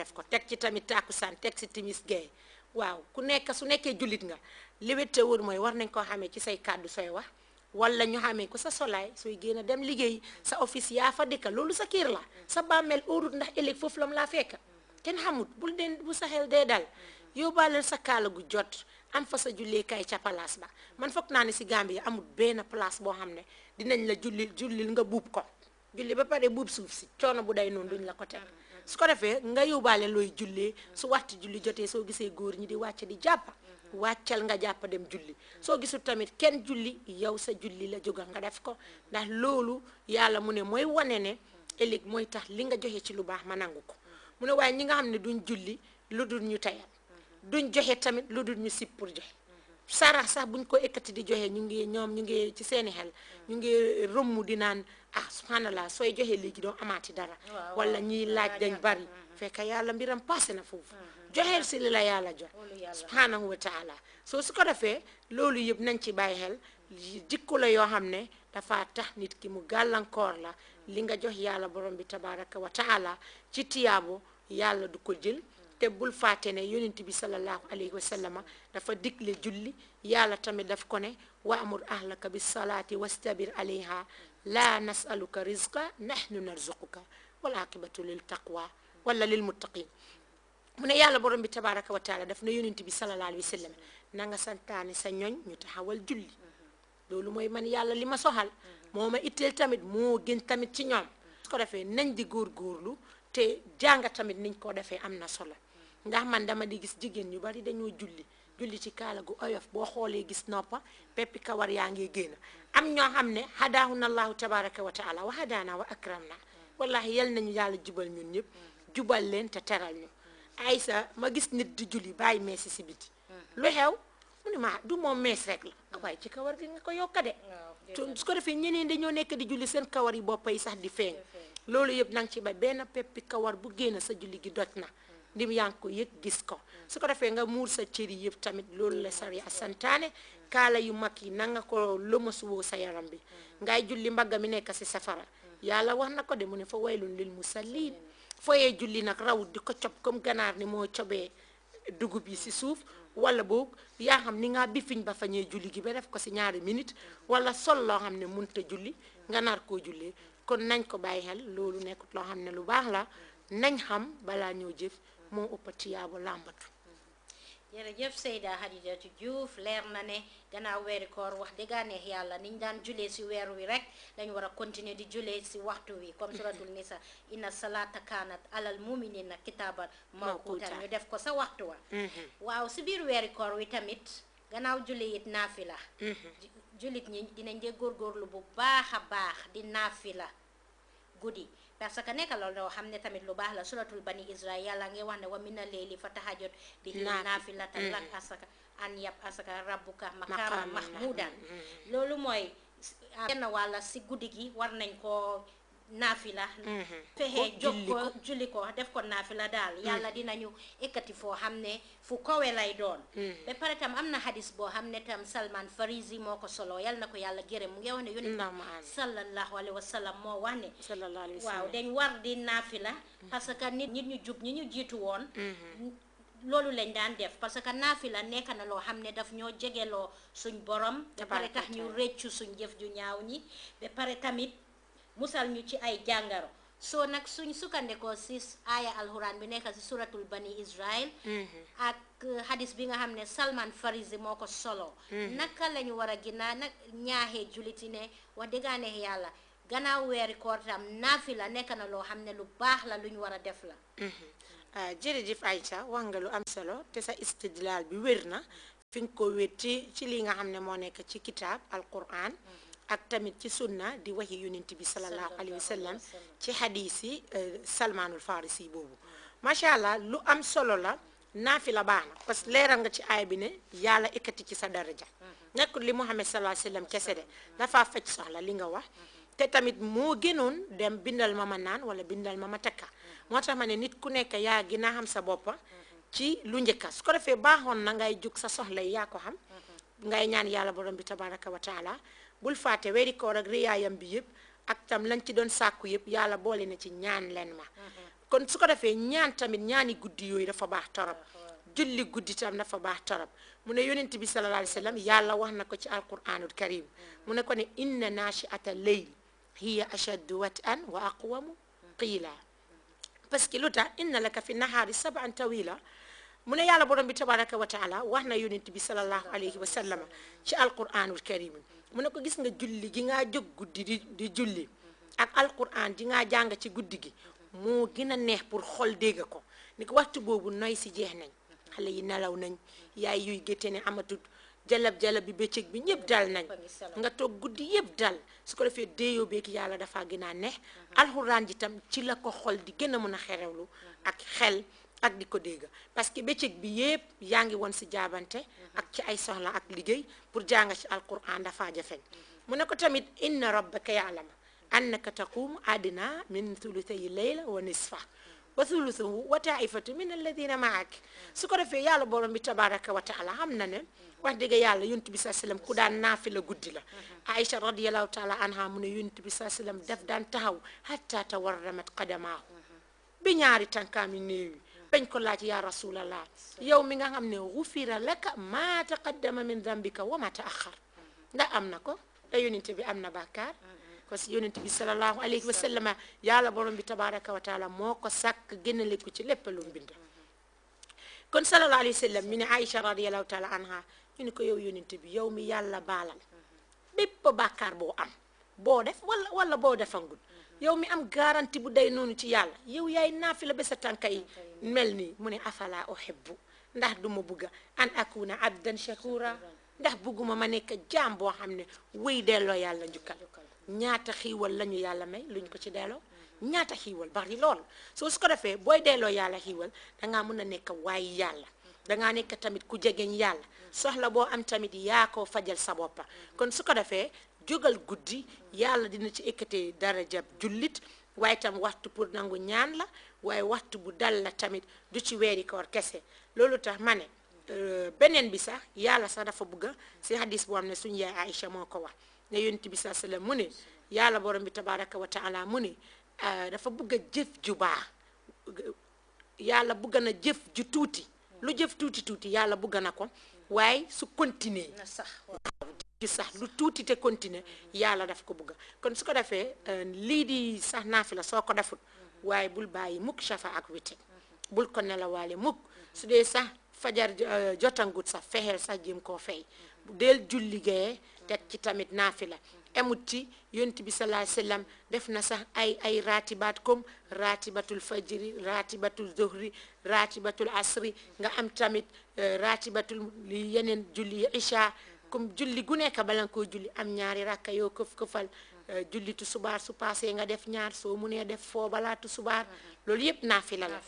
def ko teg ci tamit tàkkusaan teg ci timis gay waaw ku nekk su nekkee jullit nga li wette mooy war nañ koo xamee ci say kàddu sooy wax wala ñu xamee ko sa solaay sooy génn dem liggéey sa office yaa fa dëkka loolu sa kiir la sa bàmmeel óorut ndax ëllëg foofu lam laa fekk kenn xamut bul den bu sa xel dee dal yóbbaaleel sa kaala gu jot am fa sa kay ca palaas ba man foog naa ne si Gambie yi amul benn place boo xam ne dinañ la julli jullil nga buub ko julli ba pare buub suuf si coono bu day noonu duñ la ko su ko defee nga yóbbaale looy jullee su waxtu julli jotee soo gisee góor ñi di wàcc di jàpp wàccal nga jàpp dem julli soo gisul tamit kenn julli yow sa julli la jógal nga def ko ndax loolu yàlla mu ne mooy wane ne ëllëg mooy tax li nga joxe ci lu baax ma nangu ko mu ne waaye ñi nga xam ne duñ julli lu dul ñu tayal duñ joxe tamit lu dul ñu sib pour joxe sarax sax buñ ko ekkati di joxe ñu ngi ñoom ñu ngi ci seeni xel ñu ngi rëmm di naan ah subhanallah sooy joxe léegi doo amaati dara. wala ñiy laaj dañ bari. Mm-hmm. fekk yàlla mbiram passé na foofu. Mm-hmm. joxeel si li la yàlla jox. subhanahu wa taala soo su ko defee loolu yëpp nañ ci bàyyi xel jikko la yoo xam ne dafa tax nit ki mu gàllankoor la li nga jox yàlla borom bi tabaraka wa taala ci tiyaabo yàlla du ko jël. te bul fàtte ne yonent bi salallahu alayhi wa sallama dafa digle julli yàlla tamit daf ko ne waamur ahlaka bi salaati wastabir alayha laa nasaluka rizqa nahnu narzuquka wal aqibatu lil taqwa wala lil muttaqin mu ne yàlla borom bi tabaraka wa taala daf na yonent bi sallallahu alayhi wa sallam na nga sa ñoñ ñu taxawal julli loolu mooy man yàlla li ma soxal moo ma itteel tamit moo gën tamit ci ñoom su ko defee nañ di góorgóorlu te jàng tamit niñ ko defee am na solo ndax man dama di gis jigéen ñu bari dañoo julli julli ci kaala gu oyof boo xoolee gis noppa peppi kawar yaa ngi génn am ñoo xam ne na allahu tabaraka wa taala wa hadaana wa akram na wallahi yal ñu yàlla jubal ñun ñëpp jubal leen te teral ñu aysa ma gis nit di julli bàyyi mees si biti lu xew mu ma du moom mees rek la mm-hmm. waaye ci kawar gi nga ko yokka de su ko defee ñeneen dañoo nekk di julli seen kawar yi bopp yi sax di feeñ loolu yëpp nang ci ba benn peppi kawar bu génn sa julli gi doj na ndim yaa ngi ko yëg gis ko su ko defee nga muur sa cëri yëpp tamit loolu la sa santaane kaala yu mag yi na nga ko lëmasuwoo sa yaram bi ngay julli mbagga mi nekk si safara yàlla wax na ko de mu ne fa waylun lil musallin fooyee julli nag rawut ko cob comme ganaar ni moo cobee dugub yi si suuf wala boog yaa xam ni nga bifiñ ba fañee julli gi ba def ko si ñaari minute wala sol loo xam ne munta julli nga nar koo julli kon nañ ko bàyyi xel loolu nekkut loo xam ne lu baax la nañ xam balaa ñoo jëf moo ëpp tiyaabu làmbatu jërëjëf Seyda Hadijatu Diouf leer na ne gannaaw weeri koor wax dëgg neex yàlla niñ daan julee si weer wi rek dañ war a continuer di julee si waxtu wi comme suratul nisa inna salaata kaanat alal muminina kitaaban mawquutan ñu def ko sa waxtu wa mm-hmm. waaw si biir weeri koor wi tamit gannaaw julli it naafi la mm-hmm. jullit ñi dinañ dee góorgóorlu bu baax a baax di naafi la guddi parce que nekk loolu loo xam ne tamit lu baax la suratul bani israel yàlla ngay wax ne wa mina leeli fa tahajjud bihi naafilatan mm. lak asaka an yab asaka rabbuka maqaaman mahmuudan mm, mm. loolu mooy benn wàlla si guddi gi war nañ ko naafila mm-hmm. fexe jóg ko julli ko def ko la daal mm. yàlla dinañu ekkati foo xam ne fu kowe lay doon mm-hmm. ba pare tam am na hadis boo xam ne tam salman farisi moo ko solo yal na ko yàlla gërëm mu ngi wax ne yonent sallallahu alayhi wa sallam moo wax ne waaw dañ war di la parce que nit ñi ñu jub ñu ñu jiitu woon mm-hmm. loolu lañ daan def parce que la nekk na loo xam ne daf ñoo jegeloo suñ borom ba pare tax ñu réccu suñ jëf ju ñaaw ñi ba pare tamit musal ñu ci ay jàngaro soo nag suñ sukkandikoo si aaya alxuraan bi nekk si suratul bani israel mm-hmm. ak uh, xadis bi nga xam ne salman farisi moo ko solo mm-hmm. naka lañu war a ginnaa nag ñaaxee juliti ne wax dëggaanee yàlla gannaaw weeri koor tam naafi la nekk na loo xam ne lu baax la lu ñu war a def la mm-hmm. ah, jërëjëf Aïcha wax nga lu am solo te sa istidlaal bi wér na fiñ ko wér ci li nga xam ne moo nekk ci kitaab alquran ak tamit ci sunna di waxi yonent bi salallahu alayhi wa sallam ci xadiis yi euh, salmaanul farisi boobu macha allah lu am solo la naafi la baax na parce que leeral nga ci aay bi ne yàlla ekkati ci sa daraja nekkul li muhammad salallahu alayhi wa sallam kese de dafa faj soxla li nga wax te tamit moo gënoon dem bindal ma ma naan wala bindal ma ma takka moo tax ma ne nit ku nekk yaa gën a xam sa boppa ci lu njëkka su ko defee baaxoon na ngay jug sa soxla yi yaa ko xam ngay ñaan yàlla borom bi tabaraka wa bul fàtte weeri koor ak riyaayam bi yëpp ak tam lañ ci doon sàkku yëpp yàlla boole na ci ñaan leen ma kon su ko defee ñaan tamit ñaani guddi yooyu dafa baax tarab julli guddi tam dafa baax tarab mu ne yonent bi sallallahu alayhi wa sallam yàlla wax na ko ci alquranul karim mu ne ko ne inna nachiata leyl hiya ashaddu wat'an wa aqwamu qiila parce que lu tax inna laka fi nahaari saban tawila mu ne yàlla borom bi tabaraka wa taala wax na yonent bi sallallahu alayhi wa sallam ci alquranul karim mu ne ko gis nga julli gi ngaa jóg guddi di di julli ak alxuraan ji ngaa jàng ci guddi gi moo gën a neex pour xol dégg ko ni ko waxtu boobu noy si jeex nañ xale yi nelaw nañ yaay yuy gétte ne amatut jalab-jalab bi bëccëg bi ñëpp dal nañ nga toog guddi yëpp dal su ko defee déeyoo beeg yàlla dafa gën a neex alxuraan ji tam ci la ko xol di gën a mën a xerewlu ak xel ak di ko dégg parce que bëccëg bi yépp yaa ngi woon si jaabante ak ci ay soxla ak liggéey pour jàng ci alquran dafa jafeñ mu ne ko tamit inna rabbaka ya'lamu annaka taqumu adna min thuluthayi layla wa nisfa wa thuluthahu wa taifatu min alladina maak su ko defee yàlla borom bi tabaraka wa taala xam na ne wax dëgg yàlla yonent bi saa sallam ku daan naafi la guddi la Aïcha radiallahu taala anha mu ne yonent bi saa sallam daf daan taxaw hatta tawarramat qadamaahu bi ñaari tànkaam yi néew بن كلاتي يا رسول الله يوم من غم نغفر لك ما تقدم من ذنبك وما تأخر لا أمنكو لا ينتبه أمن بكار كوس ينتبه صلى الله عليه وسلم يا لبرم بتبارك وتعالى موك سك جن اللي كتير لبلون بندر كن صلى الله عليه وسلم من عائشة رضي الله تعالى عنها ينكو يو ينتبه يوم يا لبالم بيب بكار بو أم بو دف ولا ولا بو دف عنقول يومي أم غارنتي بدأ ينون تيال يو ياي نافلة بس تانكاي mel nii mu ne afala uhibbu ndax duma bëgga an akuna abdan shakura ndax bëgguma ma nekk jaam boo xam ne wuy delloo yàlla njukkal ñaata xiiwal lañu yàlla may luñ ko ci delloo ñaata xiiwal bari lool soo su ko defee booy delloo yàlla xiiwal dangaa mën a nekk waay yàlla dangaa nekk tamit ku jegeñ yàlla soxla boo am tamit yaa ko fajal sa boppa kon su ko defee jógal guddi yàlla dina ci ekkatee darajab jullit waaye tam waxtu pour nangu ñaan la waaye waxtu bu dal la tamit du ci weeri koor kese loolu tax ma ne euh, beneen bi sax yàlla sax dafa bëgga si hadis boo xam ne suñu yaay Aïcha moo ko wax ne yonent bi sax sallam mu ne yàlla borom bi tabaraka wa taala mu ne euh, dafa bëgg a jëf ju baax yàlla bëgg na jëf ju tuuti lu jëf tuuti tuuti yàlla bëgg na ko waaye su continuer di sax lu tuuti te continuer yàlla daf ko bugg kon su ko defee euh, lii di sax naafila soo ko defut waaye bul bàyyi mukk shafa ak wite bul ko nelawaale mukk su dee sax fajar euh, jotangut sax fexeel sax jéem koo fay del julli gee teg ci tamit naafila emut ci yonent bi salaa sallam def na sax ay ay raatibaat comme raatibatul fajri raatibatul zuhri raatibatul asri nga am tamit euh, raatibatul yeneen julli isha comme julli gu nekk bala ko julli am ñaari rakka yoo këf këfal mm-hmm. euh, jullitu subaar su paasee nga def ñaar soo munee def foo balaatu subaar mm-hmm. loolu yëpp naafila la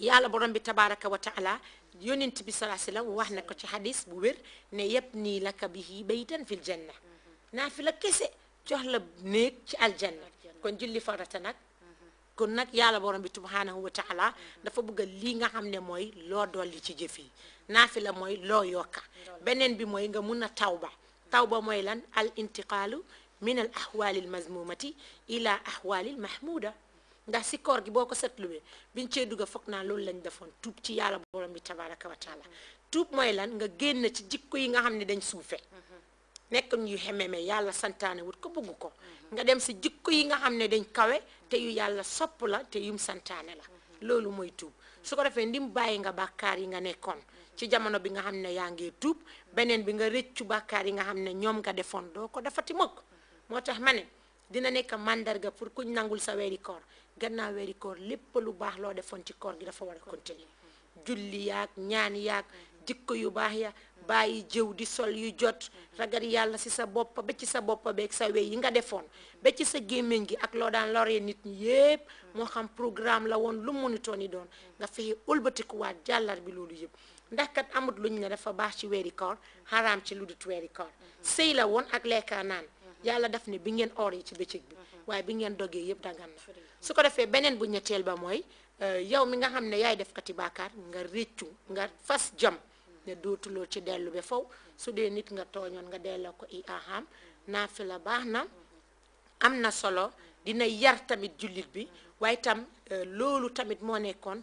yàlla borom bi tabaraka wa taala yonent bi salaa sallam wax na ko ci xadis bu wér ne yëpp nii la ka bihi baytan fil janna mm-hmm. naafila kese jox la néeg ci aljanna kon julli farata nag kon nag yàlla borom bi subhaanahu wa taala dafa bëgg lii nga xam ne mooy loo dolli ci jëf yi fi la mooy loo yokka beneen bi mooy nga mun a tawba tawba mooy lan al intiqaalu min al ahwaali al mazmumati ila ahwaali al mahmuda ndax si koor gi boo ko setluwee biñ cee dugg foog naa loolu lañ defoon tuub ci yàlla borom bi tabaraka wa taala tuub mooy lan nga génn ci jikko yi nga xam ne dañ suufe nekk ñu xememe yàlla santaane wut ko bëgg ko nga dem si jikko yi nga xam ne dañ kawe te yu yàlla sopp la te yum santaane la loolu mooy tuub su ko defee mu bàyyi nga bàkkaar yi nga nekkoon ci jamono bi nga xam ne yaa ngi tuub beneen bi nga rëccu bàkkaar yi nga xam ne ñoom nga defoon doo ko defati mukk moo tax ma ne dina nekk mandarga pour kuñ nangul sa weeri koor gannaaw weeri koor lépp lu baax loo defoon ci koor gi dafa war a continuer julli yaag ñaan yaag jikko yu baax ya bàyyi jëw di sol yu jot ragal yàlla si sa bopp ba ci sa bopp beeg sa wey yi nga defoon ba ci sa gémmiñ gi ak loo daan lore nit ñi yépp moo xam programme la woon lu mu mënutoon yi doon nga fexe ëlbatikuwaat jàllar bi loolu yëpp ndax kat lu luñ ne dafa baax ci weeri koor xaraam ci lu dut weeri koor sëy la woon ak lekka naan yàlla daf ne bi ngeen oor yi ci bëccëg bi waaye bi ngeen dogee yëpp dangan na su ko defee beneen bu ñetteel ba mooy euh, yow mi nga xam ne yaay def kati baakaar nga réccu nga fas ne dootuloo ci dellu bi faw su dee nit nga tooñoon nga delloo ko i aham la baax na am na solo dina yar tamit jullit bi waaye tam eh, loolu tamit moo nekkoon